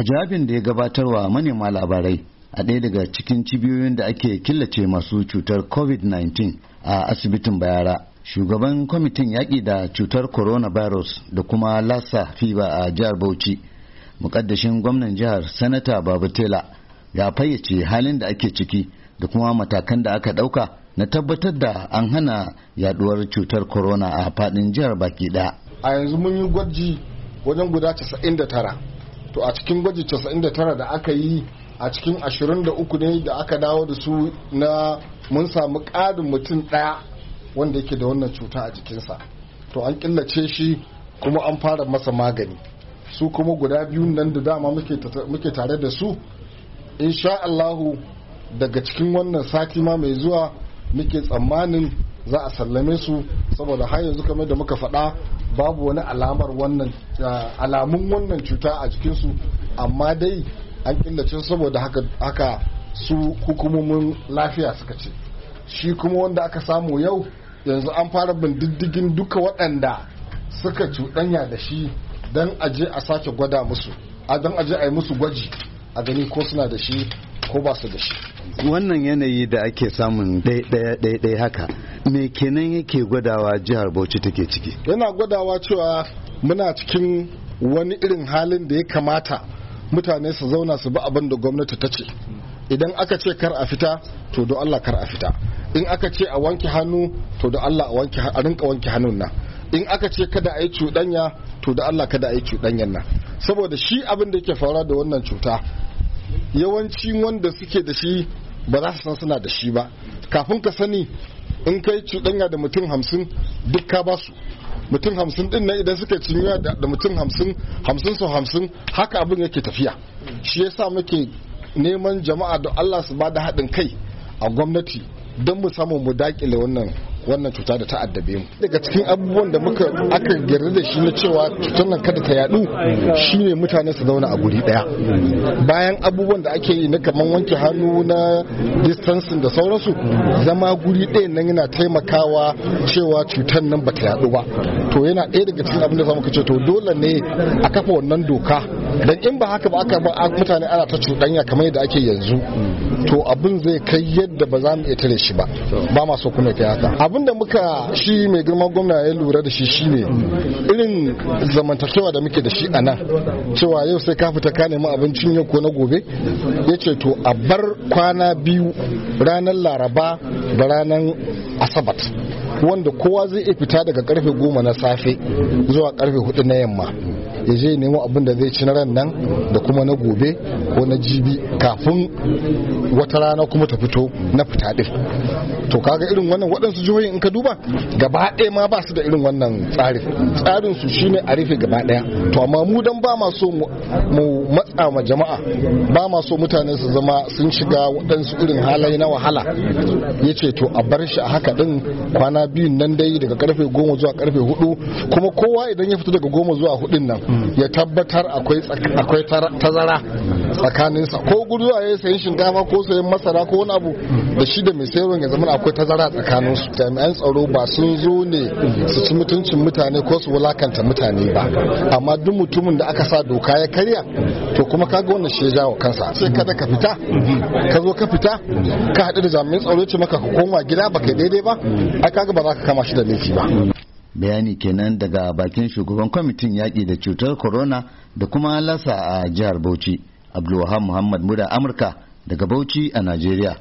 a jawabin da ya gabatarwa manema labarai a ɗaya daga cikin cibiyoyin da ake killace masu cutar covid-19 a asibitin bayara shugaban kwamitin yaƙi da cutar coronavirus da kuma lassa fiba a jihar bauchi mukaddashin gwamnan jihar sanata babu tela ya fayyace halin da ake ciki da kuma matakan da aka ɗauka na tabbatar da an hana yaduwar cutar corona a faɗin jihar baki ɗaya a yanzu mun yi gwaji wajen guda 99 to a cikin gwaji 99 da aka yi a cikin 23 ne da aka dawo da su na mun samu ƙarin mutum ɗaya wanda yake da wannan cuta a jikinsa to an killace shi kuma an fara masa magani su kuma guda biyu nan da dama muke tare da su insha Allahu daga cikin wannan sati ma mai zuwa muke tsammanin za a sallame su saboda har yanzu kamar da muka faɗa babu wani alamar wannan alamun wannan cuta a jikinsu amma dai an killace saboda haka, su hukumomin lafiya suka ce shi kuma wanda aka samu yau yanzu an fara bin diddigin duka waɗanda suka cuɗanya da shi don aje a sake gwada musu a don aje a yi musu gwaji a gani ko suna da shi ko ba su da shi wannan yanayi da ake samun ɗaya-ɗaya haka me kenan yake gwadawa jihar bauchi take ciki yana gwadawa cewa muna cikin wani irin halin da ya kamata mutane su zauna su bi abin da gwamnati ta ce idan aka ce kar a fita to don allah kar a fita in aka ce a wanke hannu to don allah a rinka wanke hannun nan in aka ce kada a yi cuɗanya to don allah kada a yi cuɗanyan nan saboda shi abin da yake faruwa da wannan cuta yawancin wanda suke da shi ba za su san suna da shi ba kafin ka sani in kai cuɗanya da mutum hamsin duk ka ba mutum hamsin din nan idan suka cinya da mutum hamsin hamsin su hamsin haka abin yake tafiya shi yasa muke neman jama'a da Allah su ba da haɗin kai a gwamnati don mu samu mu daƙile wannan wannan cuta da ta addabe mu daga cikin abubuwan da muka aka yarda da shi na cewa cutar nan kada ta yadu shine mutane su zauna a guri daya bayan abubuwan da ake yi na kaman wanke hannu na distancing da sauransu zama guri daya nan yana taimakawa cewa cutar nan ba ta yadu ba to yana daya daga cikin abin da za mu ce to dole ne a kafa wannan doka dan in ba haka ba aka ba mutane ana ta cuɗanya kamar yadda ake yanzu to abin zai kai yadda ba za mu iya tare shi ba ba ma so kuma kai haka abin da muka shi mai girma gwamna ya lura da shi ne irin zamantakewa da muke da shi a nan cewa yau sai ka fita ka nemi abincin yau ko na gobe yace to a bar kwana biyu ranar laraba da ranar asabar wanda kowa zai iya fita daga karfe goma na safe zuwa karfe hudu na yamma ya je nemo abin da zai ci na ran nan da kuma na gobe ko na jibi kafin wata rana kuma ta fito na fita din to kaga irin wannan waɗansu jihohi in ka duba gaba ɗaya ma ba su da irin wannan tsarin tsarin su shine a rufe gaba ɗaya to amma mu dan ba ma so mu matsa ma jama'a ba ma so mutane su zama sun shiga waɗansu irin halaye na wahala yace to a bar shi a haka din kwana biyun nan dai daga karfe goma zuwa karfe hudu kuma kowa idan ya fito daga goma zuwa hudun nan ya tabbatar akwai tazara tsakaninsa ko guduwa ya sayan shinkafa ko sayan masara ko wani abu da shi da mai sayarwa ya zama akwai tazara tsakaninsu jami'an tsaro ba sun zo ne su ci mutuncin mutane ko su wulakanta mutane ba amma duk mutumin da aka sa doka ya karya to kuma kaga wannan shi ya jawo kansa sai kada ka fita ka zo ka fita ka haɗu da jami'an tsaro ce maka ka koma gida ba daidai ba ai kaga ba za ka kama shi da laifi ba bayani kenan daga bakin shugaban kwamitin yaƙi da cutar corona da kuma lasa a jihar bauchi Abdulwahab Muhammad Muda Amurka daga Bauchi a Najeriya.